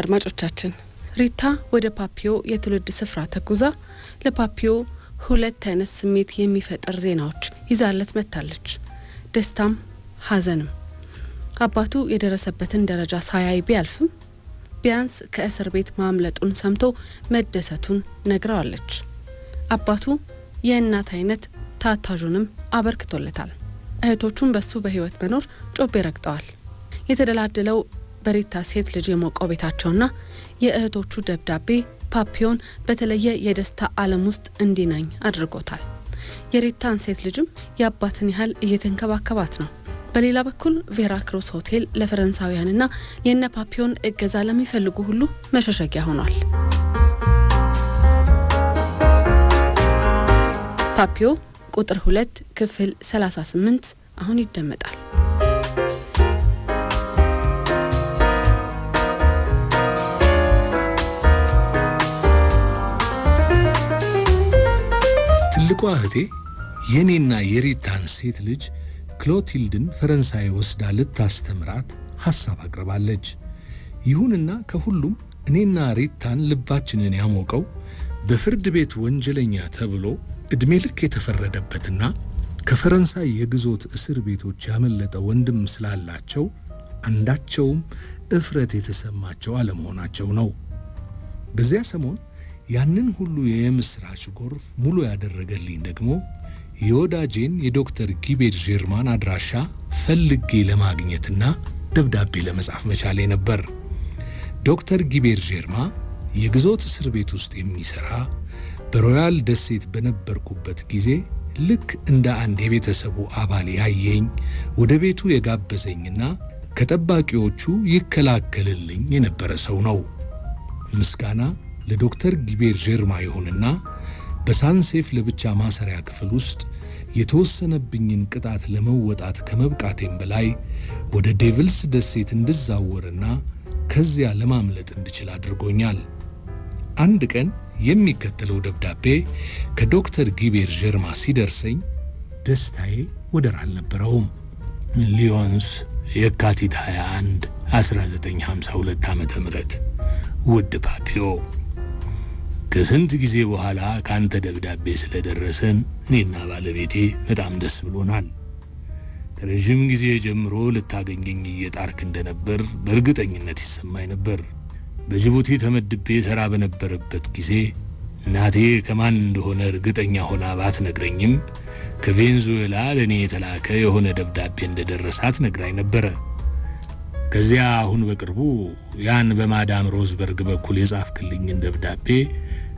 አድማጮቻችን ሪታ ወደ ፓፒዮ የትውልድ ስፍራ ተጉዛ ለፓፒዮ ሁለት አይነት ስሜት የሚፈጥር ዜናዎች ይዛለት መጥታለች። ደስታም ሐዘንም። አባቱ የደረሰበትን ደረጃ ሳያይ ቢያልፍም ቢያንስ ከእስር ቤት ማምለጡን ሰምቶ መደሰቱን ነግረዋለች። አባቱ የእናት አይነት ታታዡንም አበርክቶለታል። እህቶቹም በሱ በህይወት መኖር ጮቤ ረግጠዋል። የተደላደለው በሪታ ሴት ልጅ የሞቀው ቤታቸውና የእህቶቹ ደብዳቤ ፓፒዮን በተለየ የደስታ ዓለም ውስጥ እንዲናኝ አድርጎታል። የሪታን ሴት ልጅም የአባትን ያህል እየተንከባከባት ነው። በሌላ በኩል ቬራ ክሮስ ሆቴል ለፈረንሳውያንና የነ ፓፒዮን እገዛ ለሚፈልጉ ሁሉ መሸሸጊያ ሆኗል። ፓፒዮ ቁጥር 2 ክፍል 38 አሁን ይደመጣል። ትልቋ እህቴ የኔና የሪታን ሴት ልጅ ክሎቲልድን ፈረንሳይ ወስዳ ልታስተምራት ሐሳብ አቅርባለች። ይሁንና ከሁሉም እኔና ሪታን ልባችንን ያሞቀው በፍርድ ቤት ወንጀለኛ ተብሎ ዕድሜ ልክ የተፈረደበትና ከፈረንሳይ የግዞት እስር ቤቶች ያመለጠ ወንድም ስላላቸው አንዳቸውም እፍረት የተሰማቸው አለመሆናቸው ነው። በዚያ ሰሞን ያንን ሁሉ የምስራች ጎርፍ ሙሉ ያደረገልኝ ደግሞ የወዳጄን የዶክተር ጊቤድ ዥርማን አድራሻ ፈልጌ ለማግኘትና ደብዳቤ ለመጻፍ መቻሌ ነበር። ዶክተር ጊቤድ ዤርማ የግዞት እስር ቤት ውስጥ የሚሠራ በሮያል ደሴት በነበርኩበት ጊዜ ልክ እንደ አንድ የቤተሰቡ አባል ያየኝ ወደ ቤቱ የጋበዘኝና ከጠባቂዎቹ ይከላከልልኝ የነበረ ሰው ነው። ምስጋና ለዶክተር ጊቤር ጀርማ ይሁንና በሳንሴፍ ለብቻ ማሰሪያ ክፍል ውስጥ የተወሰነብኝን ቅጣት ለመወጣት ከመብቃቴም በላይ ወደ ዴቪልስ ደሴት እንድዛወርና ከዚያ ለማምለጥ እንድችል አድርጎኛል። አንድ ቀን የሚከተለው ደብዳቤ ከዶክተር ጊቤር ጀርማ ሲደርሰኝ ደስታዬ ወደር አልነበረውም። ሊዮንስ የካቲት 21 1952 ዓ ም ውድ ፓፒዮ ከስንት ጊዜ በኋላ ከአንተ ደብዳቤ ስለደረሰን እኔና ባለቤቴ በጣም ደስ ብሎናል። ከረዥም ጊዜ ጀምሮ ልታገኘኝ እየጣርክ እንደነበር በእርግጠኝነት ይሰማኝ ነበር። በጅቡቲ ተመድቤ ሠራ በነበረበት ጊዜ እናቴ ከማን እንደሆነ እርግጠኛ ሆና ባትነግረኝም ከቬንዙዌላ ለእኔ የተላከ የሆነ ደብዳቤ እንደደረሳት ነግራኝ ነበረ። ከዚያ አሁን በቅርቡ ያን በማዳም ሮዝበርግ በኩል የጻፍክልኝን ደብዳቤ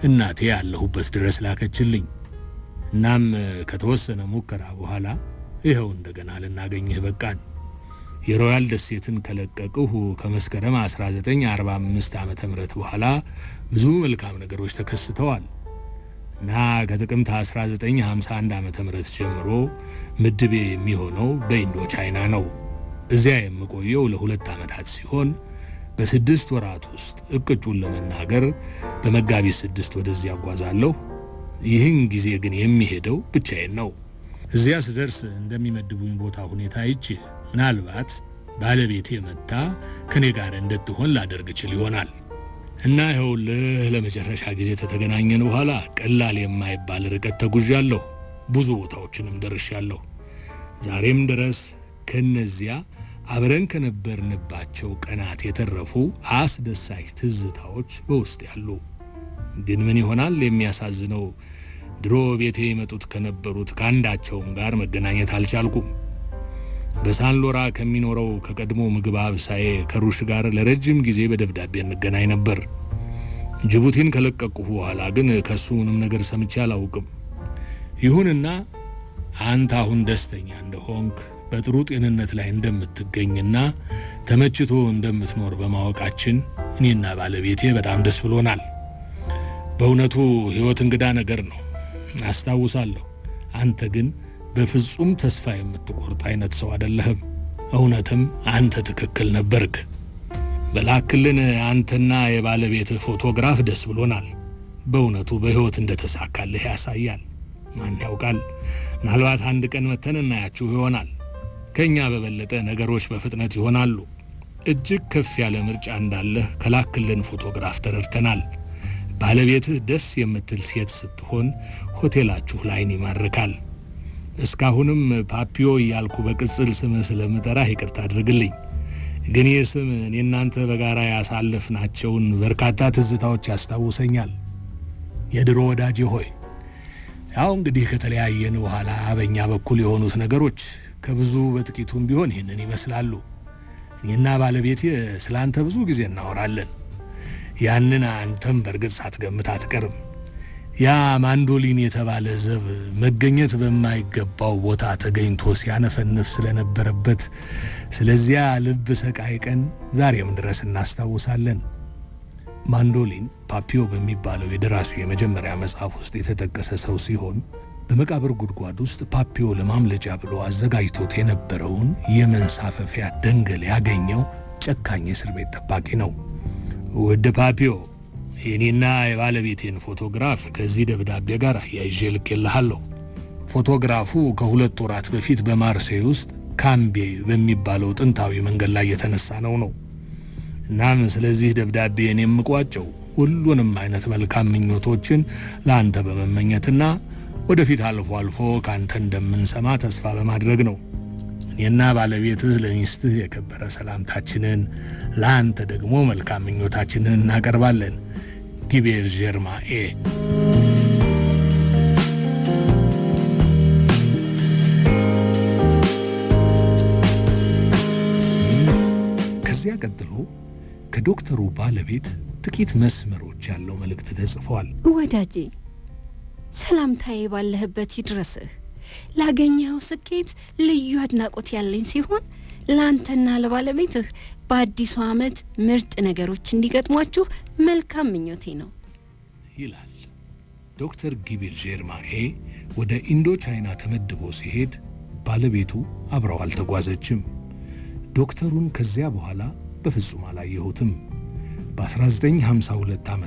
እናቴ ያለሁበት ድረስ ላከችልኝ። እናም ከተወሰነ ሙከራ በኋላ ይኸው እንደገና ልናገኝህ በቃን። የሮያል ደሴትን ከለቀቅሁ ከመስከረም 1945 ዓ ም በኋላ ብዙ መልካም ነገሮች ተከስተዋል እና ከጥቅምት 1951 ዓ ም ጀምሮ ምድቤ የሚሆነው በኢንዶ ቻይና ነው። እዚያ የምቆየው ለሁለት ዓመታት ሲሆን በስድስት ወራት ውስጥ እቅጩን ለመናገር በመጋቢት ስድስት ወደዚህ ያጓዛለሁ። ይህን ጊዜ ግን የሚሄደው ብቻዬን ነው። እዚያ ስደርስ እንደሚመድቡኝ ቦታ ሁኔታ ይች ምናልባት ባለቤቴ መታ ከኔ ጋር እንድትሆን ላደርግ ችል ይሆናል እና ይኸውልህ ለመጨረሻ ጊዜ ከተገናኘን በኋላ ቀላል የማይባል ርቀት ተጉዣለሁ። ብዙ ቦታዎችንም ደርሻለሁ። ዛሬም ድረስ ከነዚያ አብረን ከነበርንባቸው ቀናት የተረፉ አስደሳች ትዝታዎች በውስጥ ያሉ። ግን ምን ይሆናል የሚያሳዝነው፣ ድሮ ቤቴ የመጡት ከነበሩት ከአንዳቸውም ጋር መገናኘት አልቻልኩም። በሳንሎራ ከሚኖረው ከቀድሞ ምግብ አብሳዬ ከሩሽ ጋር ለረጅም ጊዜ በደብዳቤ እንገናኝ ነበር። ጅቡቲን ከለቀቅሁ በኋላ ግን ከሱ ምንም ነገር ሰምቼ አላውቅም። ይሁንና አንተ አሁን ደስተኛ እንደሆንክ በጥሩ ጤንነት ላይ እንደምትገኝና ተመችቶ እንደምትኖር በማወቃችን እኔና ባለቤቴ በጣም ደስ ብሎናል። በእውነቱ ሕይወት እንግዳ ነገር ነው አስታውሳለሁ። አንተ ግን በፍጹም ተስፋ የምትቆርጥ አይነት ሰው አይደለህም። እውነትም አንተ ትክክል ነበርግ? በላክልን አንተና የባለቤትህ ፎቶግራፍ ደስ ብሎናል። በእውነቱ በሕይወት እንደተሳካልህ ያሳያል። ማን ያውቃል? ምናልባት አንድ ቀን መተን እናያችሁ ይሆናል። ከእኛ በበለጠ ነገሮች በፍጥነት ይሆናሉ። እጅግ ከፍ ያለ ምርጫ እንዳለህ ከላክልን ፎቶግራፍ ተረድተናል። ባለቤትህ ደስ የምትል ሴት ስትሆን ሆቴላችሁ ላይን ይማርካል። እስካሁንም ፓፒዮ እያልኩ በቅጽል ስም ስለምጠራህ ይቅርታ አድርግልኝ። ግን ይህ ስም እናንተ በጋራ ያሳለፍናቸውን በርካታ ትዝታዎች ያስታውሰኛል። የድሮ ወዳጅ ሆይ ያው እንግዲህ ከተለያየን በኋላ በእኛ በኩል የሆኑት ነገሮች ከብዙ በጥቂቱም ቢሆን ይህንን ይመስላሉ። እኔና ባለቤቴ ስላንተ ብዙ ጊዜ እናወራለን። ያንን አንተም በእርግጥ ሳትገምት አትቀርም። ያ ማንዶሊን የተባለ ዘብ መገኘት በማይገባው ቦታ ተገኝቶ ሲያነፈንፍ ስለነበረበት ስለዚያ ልብ ሰቃይ ቀን ዛሬም ድረስ እናስታውሳለን። ማንዶሊን ፓፒዮ በሚባለው የደራሱ የመጀመሪያ መጽሐፍ ውስጥ የተጠቀሰ ሰው ሲሆን በመቃብር ጉድጓድ ውስጥ ፓፒዮ ለማምለጫ ብሎ አዘጋጅቶት የነበረውን የመንሳፈፊያ ደንገል ያገኘው ጨካኝ እስር ቤት ጠባቂ ነው። ውድ ፓፒዮ፣ የኔና የባለቤቴን ፎቶግራፍ ከዚህ ደብዳቤ ጋር አያይዤ ልኬልሃለሁ። ፎቶግራፉ ከሁለት ወራት በፊት በማርሴይ ውስጥ ካምቤ በሚባለው ጥንታዊ መንገድ ላይ የተነሳ ነው ነው እናም ስለዚህ ደብዳቤን የምቋጨው ሁሉንም አይነት መልካም ምኞቶችን ለአንተ በመመኘትና ወደፊት አልፎ አልፎ ካንተ እንደምንሰማ ተስፋ በማድረግ ነው። እኔና ባለቤትህ ለሚስትህ የከበረ ሰላምታችንን ለአንተ ደግሞ መልካም ምኞታችንን እናቀርባለን። ጊቤር ኤ ከዚያ ቀጥሎ ከዶክተሩ ባለቤት ጥቂት መስመሮች ያለው መልእክት ተጽፏል። ወዳጄ ሰላምታዬ ባለህበት ይድረስህ። ላገኘኸው ስኬት ልዩ አድናቆት ያለኝ ሲሆን ለአንተና ለባለቤትህ በአዲሱ ዓመት ምርጥ ነገሮች እንዲገጥሟችሁ መልካም ምኞቴ ነው ይላል። ዶክተር ጊቢል ዤርማኤ ወደ ኢንዶ ቻይና ተመድቦ ሲሄድ ባለቤቱ አብረው አልተጓዘችም። ዶክተሩን ከዚያ በኋላ በፍጹም አላየሁትም። በ1952 ዓ ም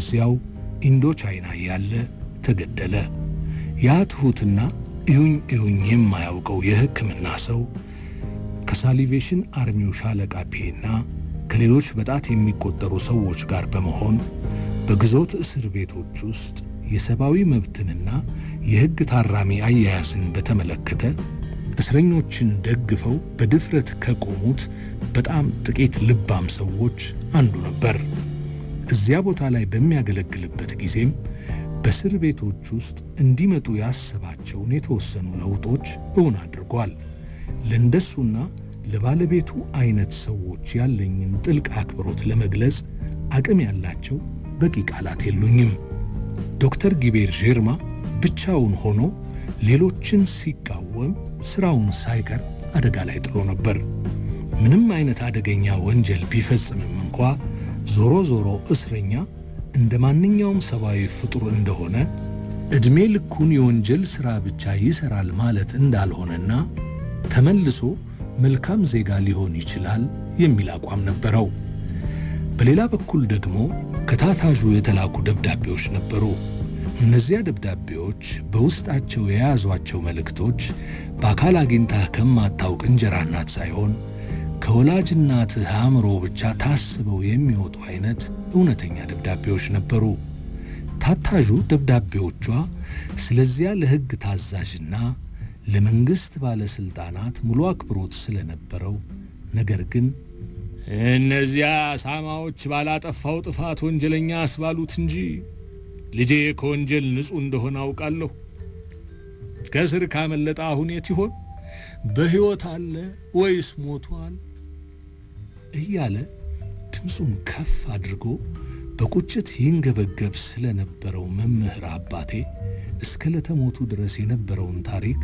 እዚያው ኢንዶ ቻይና ያለ ተገደለ። ያ ትሑትና እዩኝ እዩኝ የማያውቀው የሕክምና ሰው ከሳሊቬሽን አርሚው ሻለቃ ፒና ከሌሎች በጣት የሚቆጠሩ ሰዎች ጋር በመሆን በግዞት እስር ቤቶች ውስጥ የሰብአዊ መብትንና የሕግ ታራሚ አያያዝን በተመለከተ እስረኞችን ደግፈው በድፍረት ከቆሙት በጣም ጥቂት ልባም ሰዎች አንዱ ነበር። እዚያ ቦታ ላይ በሚያገለግልበት ጊዜም በእስር ቤቶች ውስጥ እንዲመጡ ያሰባቸውን የተወሰኑ ለውጦች እውን አድርጓል። ለእንደሱና ለባለቤቱ አይነት ሰዎች ያለኝን ጥልቅ አክብሮት ለመግለጽ አቅም ያላቸው በቂ ቃላት የሉኝም። ዶክተር ጊቤር ዥርማ ብቻውን ሆኖ ሌሎችን ሲቃወም ስራውን ሳይቀር አደጋ ላይ ጥሎ ነበር። ምንም አይነት አደገኛ ወንጀል ቢፈጽምም እንኳ ዞሮ ዞሮ እስረኛ እንደ ማንኛውም ሰብአዊ ፍጡር እንደሆነ ዕድሜ ልኩን የወንጀል ሥራ ብቻ ይሠራል ማለት እንዳልሆነና ተመልሶ መልካም ዜጋ ሊሆን ይችላል የሚል አቋም ነበረው። በሌላ በኩል ደግሞ ከታታዡ የተላኩ ደብዳቤዎች ነበሩ። እነዚያ ደብዳቤዎች በውስጣቸው የያዟቸው መልእክቶች በአካል አግኝታህ ከማታውቅ እንጀራ እናት ሳይሆን ከወላጅ እናትህ አእምሮ ብቻ ታስበው የሚወጡ አይነት እውነተኛ ደብዳቤዎች ነበሩ። ታታዡ ደብዳቤዎቿ ስለዚያ ለሕግ ታዛዥና ለመንግሥት ባለሥልጣናት ሙሉ አክብሮት ስለነበረው ነገር ግን እነዚያ ሳማዎች ባላጠፋው ጥፋት ወንጀለኛ አስባሉት እንጂ ልጄ ከወንጀል ንጹሕ እንደሆነ አውቃለሁ። ከእስር ካመለጠ አሁን የት ይሆን? በሕይወት አለ ወይስ ሞቷል እያለ ድምፁን ከፍ አድርጎ በቁጭት ይንገበገብ ስለነበረው መምህር አባቴ እስከ ለተሞቱ ድረስ የነበረውን ታሪክ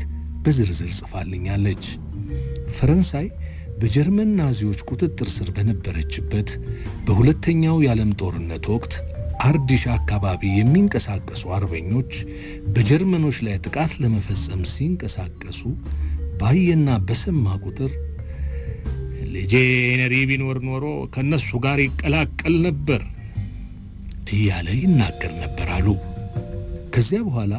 በዝርዝር ጽፋልኛለች። ፈረንሳይ በጀርመን ናዚዎች ቁጥጥር ስር በነበረችበት በሁለተኛው የዓለም ጦርነት ወቅት አርዲሽ አካባቢ የሚንቀሳቀሱ አርበኞች በጀርመኖች ላይ ጥቃት ለመፈጸም ሲንቀሳቀሱ ባየና በሰማ ቁጥር ልጄ ነሪ ቢኖር ኖሮ ከነሱ ጋር ይቀላቀል ነበር እያለ ይናገር ነበር አሉ። ከዚያ በኋላ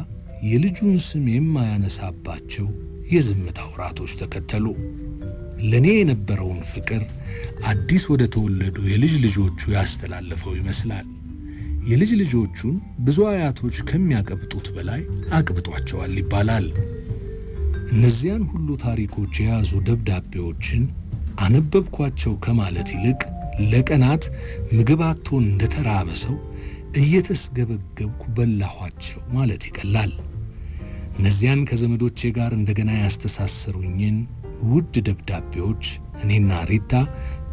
የልጁን ስም የማያነሳባቸው የዝምታ ወራቶች ተከተሉ። ለእኔ የነበረውን ፍቅር አዲስ ወደ ተወለዱ የልጅ ልጆቹ ያስተላለፈው ይመስላል። የልጅ ልጆቹን ብዙ አያቶች ከሚያቀብጡት በላይ አቅብጧቸዋል ይባላል። እነዚያን ሁሉ ታሪኮች የያዙ ደብዳቤዎችን አነበብኳቸው ከማለት ይልቅ ለቀናት ምግብ አጥቶ እንደተራበ ሰው እየተስገበገብኩ በላኋቸው ማለት ይቀላል። እነዚያን ከዘመዶቼ ጋር እንደገና ያስተሳሰሩኝን ውድ ደብዳቤዎች እኔና ሪታ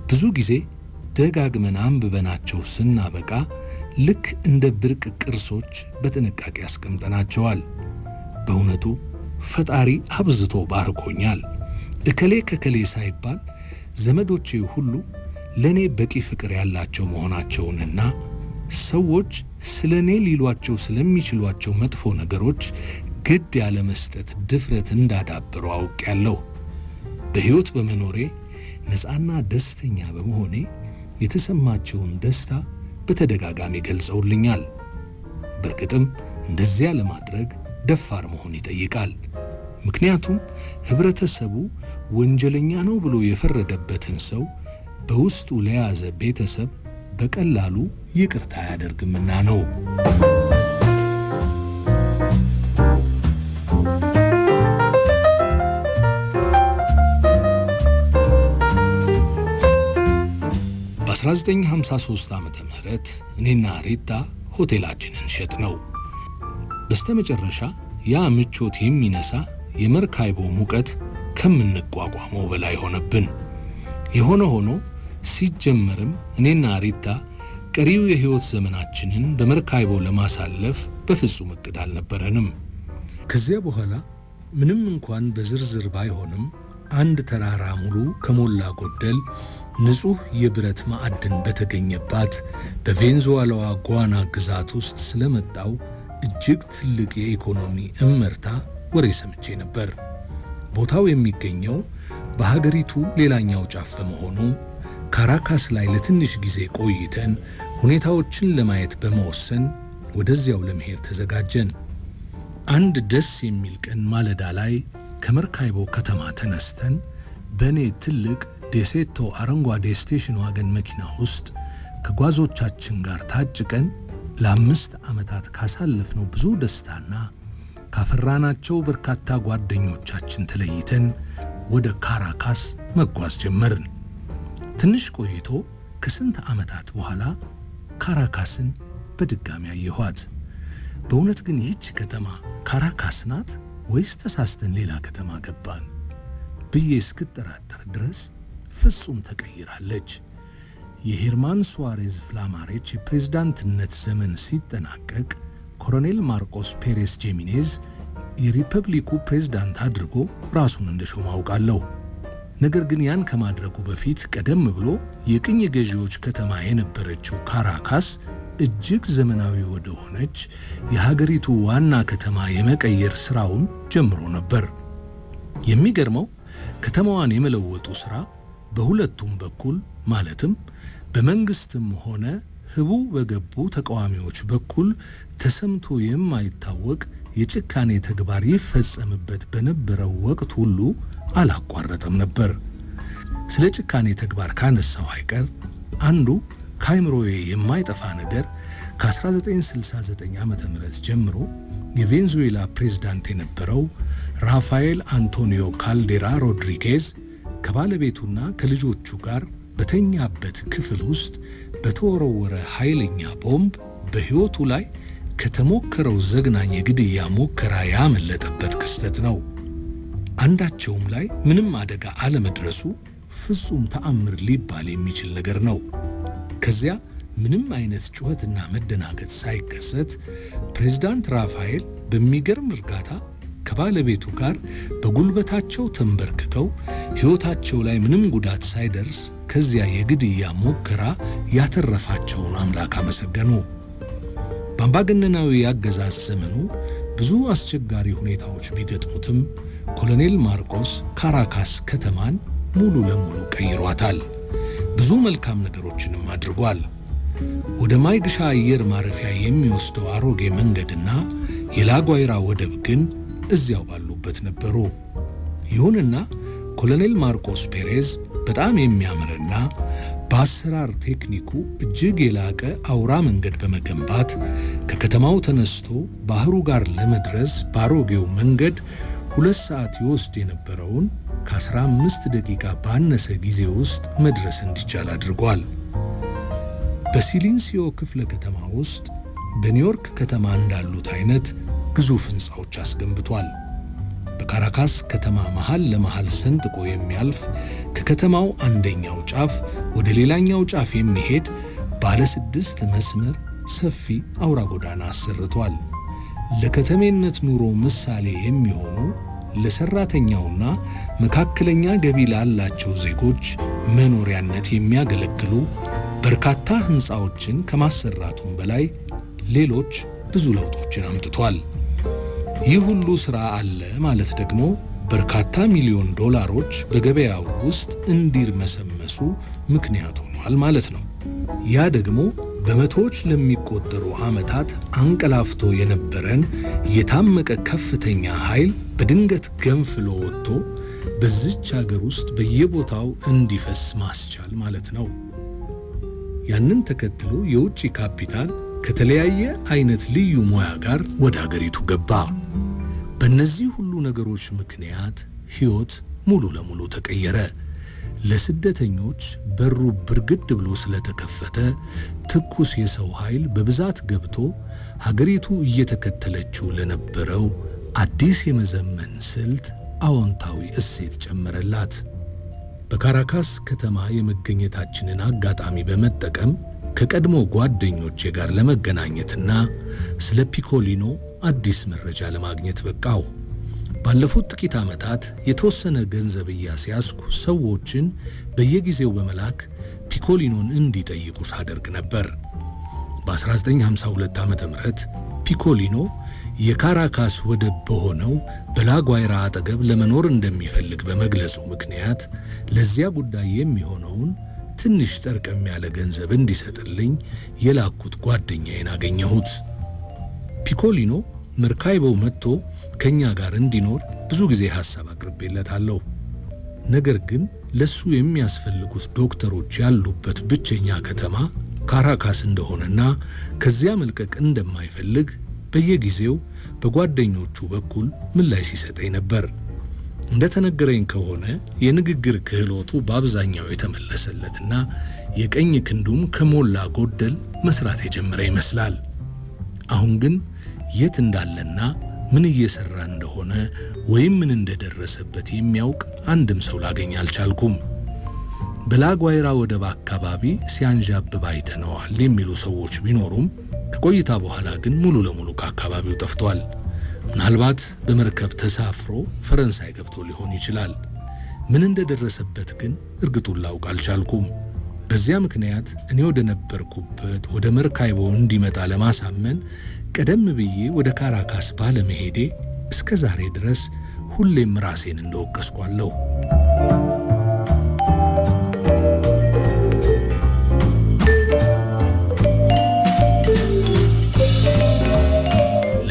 ብዙ ጊዜ ደጋግመን አንብበናቸው ስናበቃ ልክ እንደ ብርቅ ቅርሶች በጥንቃቄ አስቀምጠናቸዋል። በእውነቱ ፈጣሪ አብዝቶ ባርኮኛል። እከሌ ከከሌ ሳይባል ዘመዶቼ ሁሉ ለእኔ በቂ ፍቅር ያላቸው መሆናቸውንና ሰዎች ስለ እኔ ሊሏቸው ስለሚችሏቸው መጥፎ ነገሮች ግድ ያለ መስጠት ድፍረት እንዳዳብሩ አውቄያለሁ። በሕይወት በመኖሬ ነፃና ደስተኛ በመሆኔ የተሰማቸውን ደስታ በተደጋጋሚ ገልጸውልኛል። በእርግጥም እንደዚያ ለማድረግ ደፋር መሆን ይጠይቃል። ምክንያቱም ህብረተሰቡ ወንጀለኛ ነው ብሎ የፈረደበትን ሰው በውስጡ ለያዘ ቤተሰብ በቀላሉ ይቅርታ አያደርግምና ነው። በ1953 ዓ ም እኔና ሬታ ሆቴላችንን ሸጥ ነው። በስተመጨረሻ ያ ምቾት የሚነሳ የመርካይቦ ሙቀት ከምንቋቋመው በላይ ሆነብን። የሆነ ሆኖ ሲጀመርም እኔና ሪታ ቀሪው የሕይወት ዘመናችንን በመርካይቦ ለማሳለፍ በፍጹም እቅድ አልነበረንም። ከዚያ በኋላ ምንም እንኳን በዝርዝር ባይሆንም አንድ ተራራ ሙሉ ከሞላ ጎደል ንጹሕ የብረት ማዕድን በተገኘባት በቬንዙዋላዋ ጓና ግዛት ውስጥ ስለመጣው እጅግ ትልቅ የኢኮኖሚ እመርታ ወሬ ሰምቼ ነበር። ቦታው የሚገኘው በሀገሪቱ ሌላኛው ጫፍ በመሆኑ ካራካስ ላይ ለትንሽ ጊዜ ቆይተን ሁኔታዎችን ለማየት በመወሰን ወደዚያው ለመሄድ ተዘጋጀን። አንድ ደስ የሚል ቀን ማለዳ ላይ ከመርካይቦ ከተማ ተነስተን በእኔ ትልቅ ዴሴቶ አረንጓዴ ስቴሽን ዋገን መኪና ውስጥ ከጓዞቻችን ጋር ታጭቀን ለአምስት ዓመታት ካሳለፍነው ብዙ ደስታና ካፈራናቸው በርካታ ጓደኞቻችን ተለይተን ወደ ካራካስ መጓዝ ጀመርን። ትንሽ ቆይቶ ከስንት ዓመታት በኋላ ካራካስን በድጋሚ አየኋት። በእውነት ግን ይህች ከተማ ካራካስ ናት ወይስ ተሳስተን ሌላ ከተማ ገባን ብዬ እስክጠራጠር ድረስ ፍጹም ተቀይራለች። የሄርማን ሱዋሬዝ ፍላማሬች የፕሬዝዳንትነት ዘመን ሲጠናቀቅ ኮሎኔል ማርቆስ ፔሬስ ጄሚኔዝ የሪፐብሊኩ ፕሬዝዳንት አድርጎ ራሱን እንደሾመ አውቃለሁ። ነገር ግን ያን ከማድረጉ በፊት ቀደም ብሎ የቅኝ ገዢዎች ከተማ የነበረችው ካራካስ እጅግ ዘመናዊ ወደሆነች የሀገሪቱ ዋና ከተማ የመቀየር ስራውን ጀምሮ ነበር። የሚገርመው ከተማዋን የመለወጡ ስራ በሁለቱም በኩል ማለትም በመንግስትም ሆነ ህቡ በገቡ ተቃዋሚዎች በኩል ተሰምቶ የማይታወቅ የጭካኔ ተግባር ይፈጸምበት በነበረው ወቅት ሁሉ አላቋረጠም ነበር። ስለ ጭካኔ ተግባር ካነሳው አይቀር አንዱ ከአይምሮዬ የማይጠፋ ነገር ከ1969 ዓ ም ጀምሮ የቬንዙዌላ ፕሬዝዳንት የነበረው ራፋኤል አንቶኒዮ ካልዴራ ሮድሪጌዝ ከባለቤቱና ከልጆቹ ጋር በተኛበት ክፍል ውስጥ በተወረወረ ኃይለኛ ቦምብ በሕይወቱ ላይ ከተሞከረው ዘግናኝ የግድያ ሙከራ ያመለጠበት ክስተት ነው። አንዳቸውም ላይ ምንም አደጋ አለመድረሱ ፍጹም ተአምር ሊባል የሚችል ነገር ነው። ከዚያ ምንም አይነት ጩኸትና መደናገጥ ሳይከሰት ፕሬዝዳንት ራፋኤል በሚገርም እርጋታ ከባለቤቱ ጋር በጉልበታቸው ተንበርክከው ሕይወታቸው ላይ ምንም ጉዳት ሳይደርስ ከዚያ የግድያ ሙከራ ያተረፋቸውን አምላክ አመሰገኑ። በአምባገነናዊ የአገዛዝ ዘመኑ ብዙ አስቸጋሪ ሁኔታዎች ቢገጥሙትም ኮሎኔል ማርቆስ ካራካስ ከተማን ሙሉ ለሙሉ ቀይሯታል። ብዙ መልካም ነገሮችንም አድርጓል። ወደ ማይግሻ አየር ማረፊያ የሚወስደው አሮጌ መንገድና የላጓይራ ወደብ ግን እዚያው ባሉበት ነበሩ። ይሁንና ኮሎኔል ማርቆስ ፔሬዝ በጣም የሚያምርና በአሰራር ቴክኒኩ እጅግ የላቀ አውራ መንገድ በመገንባት ከከተማው ተነስቶ ባህሩ ጋር ለመድረስ ባሮጌው መንገድ ሁለት ሰዓት ይወስድ የነበረውን ከ15 ደቂቃ ባነሰ ጊዜ ውስጥ መድረስ እንዲቻል አድርጓል። በሲሊንሲዮ ክፍለ ከተማ ውስጥ በኒውዮርክ ከተማ እንዳሉት አይነት ግዙፍ ሕንፃዎች አስገንብቷል። በካራካስ ከተማ መሃል ለመሃል ሰንጥቆ የሚያልፍ ከከተማው አንደኛው ጫፍ ወደ ሌላኛው ጫፍ የሚሄድ ባለ ስድስት መስመር ሰፊ አውራ ጎዳና አሰርቷል። ለከተሜነት ኑሮ ምሳሌ የሚሆኑ ለሰራተኛውና መካከለኛ ገቢ ላላቸው ዜጎች መኖሪያነት የሚያገለግሉ በርካታ ሕንፃዎችን ከማሰራቱም በላይ ሌሎች ብዙ ለውጦችን አምጥቷል። ይህ ሁሉ ሥራ አለ ማለት ደግሞ በርካታ ሚሊዮን ዶላሮች በገበያው ውስጥ እንዲርመሰመሱ ምክንያት ሆኗል ማለት ነው። ያ ደግሞ በመቶዎች ለሚቆጠሩ ዓመታት አንቀላፍቶ የነበረን የታመቀ ከፍተኛ ኃይል በድንገት ገንፍሎ ወጥቶ በዚች አገር ውስጥ በየቦታው እንዲፈስ ማስቻል ማለት ነው። ያንን ተከትሎ የውጭ ካፒታል ከተለያየ አይነት ልዩ ሙያ ጋር ወደ አገሪቱ ገባ። በእነዚህ ሁሉ ነገሮች ምክንያት ሕይወት ሙሉ ለሙሉ ተቀየረ። ለስደተኞች በሩ ብርግድ ብሎ ስለተከፈተ ትኩስ የሰው ኃይል በብዛት ገብቶ ሀገሪቱ እየተከተለችው ለነበረው አዲስ የመዘመን ስልት አዎንታዊ እሴት ጨመረላት። በካራካስ ከተማ የመገኘታችንን አጋጣሚ በመጠቀም ከቀድሞ ጓደኞቼ ጋር ለመገናኘትና ስለ ፒኮሊኖ አዲስ መረጃ ለማግኘት በቃው። ባለፉት ጥቂት ዓመታት የተወሰነ ገንዘብ እያስያዝኩ ሰዎችን በየጊዜው በመላክ ፒኮሊኖን እንዲጠይቁ ሳደርግ ነበር። በ1952 ዓ ም ፒኮሊኖ የካራካስ ወደብ በሆነው በላጓይራ አጠገብ ለመኖር እንደሚፈልግ በመግለጹ ምክንያት ለዚያ ጉዳይ የሚሆነውን ትንሽ ጠርቀም ያለ ገንዘብ እንዲሰጥልኝ የላኩት ጓደኛዬን አገኘሁት። ፒኮሊኖ መርካይቦ መጥቶ ከኛ ጋር እንዲኖር ብዙ ጊዜ ሐሳብ አቅርቤለታለሁ። ነገር ግን ለሱ የሚያስፈልጉት ዶክተሮች ያሉበት ብቸኛ ከተማ ካራካስ እንደሆነና ከዚያ መልቀቅ እንደማይፈልግ በየጊዜው በጓደኞቹ በኩል ምላሽ ሲሰጠኝ ነበር። እንደተነገረኝ ከሆነ የንግግር ክህሎቱ በአብዛኛው የተመለሰለትና የቀኝ ክንዱም ከሞላ ጎደል መስራት የጀመረ ይመስላል። አሁን ግን የት እንዳለና ምን እየሰራ እንደሆነ ወይም ምን እንደደረሰበት የሚያውቅ አንድም ሰው ላገኝ አልቻልኩም። በላጓይራ ወደብ አካባቢ ሲያንዣብብ አይተነዋል የሚሉ ሰዎች ቢኖሩም ከቆይታ በኋላ ግን ሙሉ ለሙሉ ከአካባቢው ጠፍቷል። ምናልባት በመርከብ ተሳፍሮ ፈረንሳይ ገብቶ ሊሆን ይችላል። ምን እንደደረሰበት ግን እርግጡን ላውቅ አልቻልኩም። በዚያ ምክንያት እኔ ወደ ነበርኩበት ወደ መርካይቦ እንዲመጣ ለማሳመን ቀደም ብዬ ወደ ካራካስ ባለመሄዴ እስከ ዛሬ ድረስ ሁሌም ራሴን እንደወቀስኳለሁ።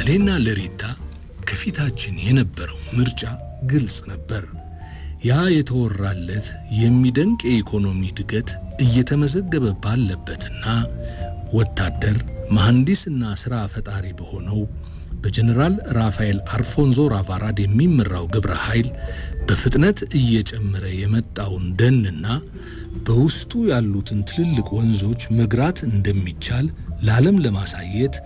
ለእኔና ለሪታ ከፊታችን የነበረው ምርጫ ግልጽ ነበር። ያ የተወራለት የሚደንቅ የኢኮኖሚ እድገት እየተመዘገበ ባለበትና ወታደር መሐንዲስና ሥራ ፈጣሪ በሆነው በጀነራል ራፋኤል አርፎንዞ ራቫራድ የሚመራው ግብረ ኃይል በፍጥነት እየጨመረ የመጣውን ደንና በውስጡ ያሉትን ትልልቅ ወንዞች መግራት እንደሚቻል ለዓለም ለማሳየት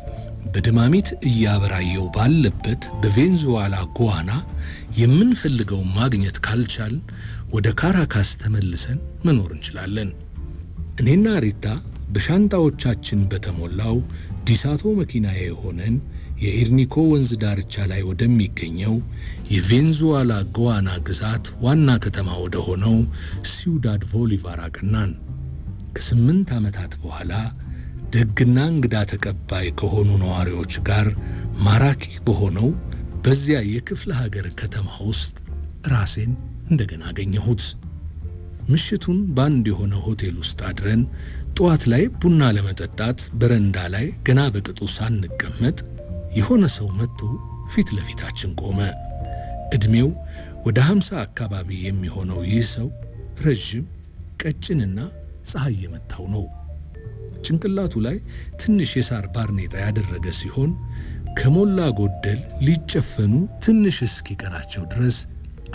በድማሚት እያበራየው ባለበት በቬንዙዋላ ጓና የምንፈልገውን ማግኘት ካልቻል ወደ ካራካስ ተመልሰን መኖር እንችላለን። እኔና ሪታ በሻንጣዎቻችን በተሞላው ዲሳቶ መኪና የሆነን የኢርኒኮ ወንዝ ዳርቻ ላይ ወደሚገኘው የቬንዙዋላ ጎዋና ግዛት ዋና ከተማ ወደ ሆነው ሲውዳድ ቦሊቫር አቀናን። ከስምንት ዓመታት በኋላ ደግና እንግዳ ተቀባይ ከሆኑ ነዋሪዎች ጋር ማራኪ በሆነው በዚያ የክፍለ ሀገር ከተማ ውስጥ ራሴን እንደገና አገኘሁት። ምሽቱን በአንድ የሆነ ሆቴል ውስጥ አድረን ጠዋት ላይ ቡና ለመጠጣት በረንዳ ላይ ገና በቅጡ ሳንቀመጥ የሆነ ሰው መጥቶ ፊት ለፊታችን ቆመ። ዕድሜው ወደ ሐምሳ አካባቢ የሚሆነው ይህ ሰው ረዥም ቀጭንና ፀሐይ የመታው ነው። ጭንቅላቱ ላይ ትንሽ የሳር ባርኔጣ ያደረገ ሲሆን ከሞላ ጎደል ሊጨፈኑ ትንሽ እስኪቀራቸው ድረስ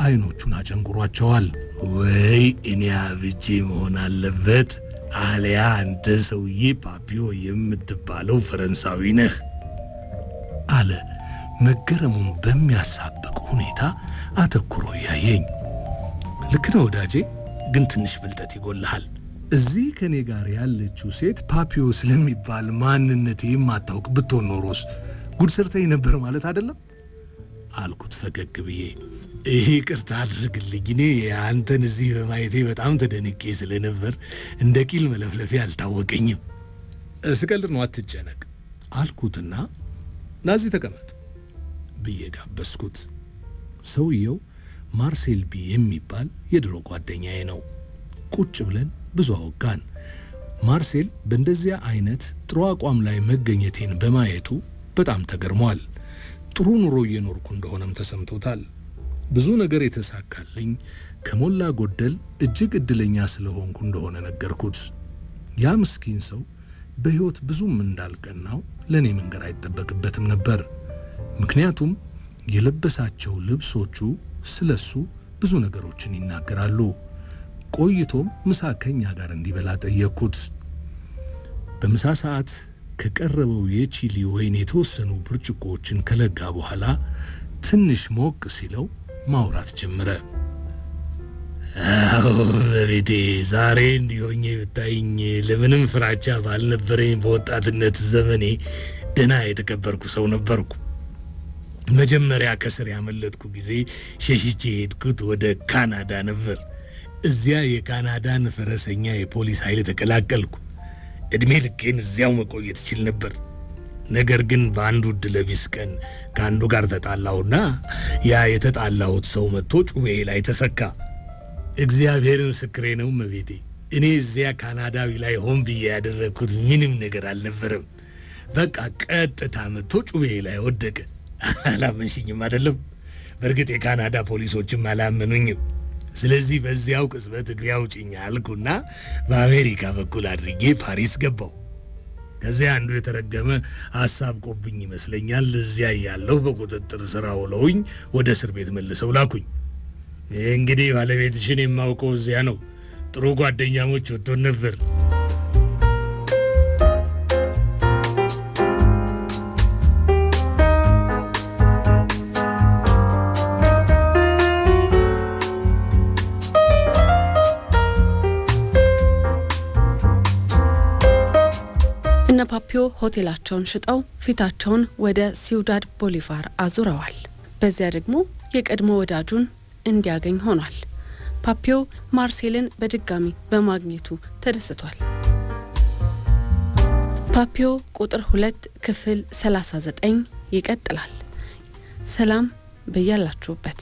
አይኖቹን አጨንጉሯቸዋል። ወይ እኔ አብጄ መሆን አለበት አሊያ አንተ ሰውዬ ፓፒዮ የምትባለው ፈረንሳዊ ነህ አለ መገረሙን በሚያሳብቅ ሁኔታ አተኩሮ ያየኝ። ልክ ነው ወዳጄ፣ ግን ትንሽ ብልጠት ይጎልሃል። እዚህ ከእኔ ጋር ያለችው ሴት ፓፒዮ ስለሚባል ማንነቴ የማታውቅ ብትሆን ኖሮስ ጉድ ሰርተኝ ነበር ማለት አይደለም። አልኩት ፈገግ ብዬ። ይህ ይቅርታ አድርግልኝ፣ እኔ አንተን እዚህ በማየቴ በጣም ተደንቄ ስለነበር እንደ ቂል መለፍለፌ አልታወቀኝም። ስቀልድ ነው፣ አትጨነቅ አልኩትና ናዚ ተቀመጥ ብዬ ጋበዝኩት። ሰውየው ማርሴል ቢ የሚባል የድሮ ጓደኛዬ ነው። ቁጭ ብለን ብዙ አወጋን። ማርሴል በእንደዚያ አይነት ጥሩ አቋም ላይ መገኘቴን በማየቱ በጣም ተገርሟል። ጥሩ ኑሮ እየኖርኩ እንደሆነም ተሰምቶታል። ብዙ ነገር የተሳካልኝ ከሞላ ጎደል እጅግ እድለኛ ስለሆንኩ እንደሆነ ነገርኩት። ያ ምስኪን ሰው በሕይወት ብዙም እንዳልቀናው ለእኔ መንገር አይጠበቅበትም ነበር። ምክንያቱም የለበሳቸው ልብሶቹ ስለሱ ብዙ ነገሮችን ይናገራሉ። ቆይቶም ምሳ ከኛ ጋር እንዲበላ ጠየቅኩት። በምሳ ሰዓት ከቀረበው የቺሊ ወይን የተወሰኑ ብርጭቆዎችን ከለጋ በኋላ ትንሽ ሞቅ ሲለው ማውራት ጀመረ። አዎ በቤቴ ዛሬ እንዲሆኜ ብታይኝ ለምንም ፍራቻ ባልነበረኝ በወጣትነት ዘመኔ ደህና የተከበርኩ ሰው ነበርኩ። መጀመሪያ ከስር ያመለጥኩ ጊዜ ሸሽቼ የሄድኩት ወደ ካናዳ ነበር። እዚያ የካናዳን ፈረሰኛ የፖሊስ ኃይል ተቀላቀልኩ። እድሜ ልኬን እዚያው መቆየት ችል ነበር። ነገር ግን በአንዱ ዕድለቢስ ቀን ከአንዱ ጋር ተጣላሁና ያ የተጣላሁት ሰው መጥቶ ጩቤ ላይ ተሰካ። እግዚአብሔር ምስክሬ ነው እመቤቴ፣ እኔ እዚያ ካናዳዊ ላይ ሆን ብዬ ያደረግኩት ምንም ነገር አልነበረም። በቃ ቀጥታ መጥቶ ጩቤ ላይ ወደቀ። አላመንሽኝም አይደለም? በእርግጥ የካናዳ ፖሊሶችም አላመኑኝም። ስለዚህ በዚያው ቅጽበት እግሬ አውጭኝ አልኩና በአሜሪካ በኩል አድርጌ ፓሪስ ገባው። ከዚያ አንዱ የተረገመ ሀሳብ ቆብኝ ይመስለኛል። እዚያ ያለው በቁጥጥር ስራ ውለውኝ ወደ እስር ቤት መልሰው ላኩኝ። እንግዲህ ባለቤትሽን የማውቀው እዚያ ነው። ጥሩ ጓደኛሞች ወጥቶን ነበር። ፒዮ ሆቴላቸውን ሽጠው ፊታቸውን ወደ ሲውዳድ ቦሊቫር አዙረዋል። በዚያ ደግሞ የቀድሞ ወዳጁን እንዲያገኝ ሆኗል። ፓፒዮ ማርሴልን በድጋሚ በማግኘቱ ተደስቷል። ፓፒዮ ቁጥር 2 ክፍል 39 ይቀጥላል። ሰላም በያላችሁበት